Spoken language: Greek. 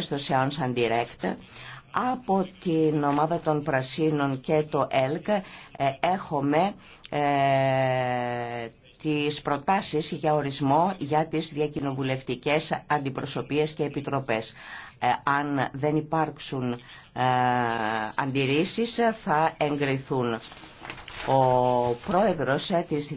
στο Seance and Direct από την ομάδα των Πρασίνων και το ΕΛΚ ε, έχουμε ε, τις προτάσεις για ορισμό για τις διακοινοβουλευτικές αντιπροσωπείες και επιτροπές. Ε, αν δεν υπάρξουν ε, θα εγκριθούν. Ο πρόεδρος ε, της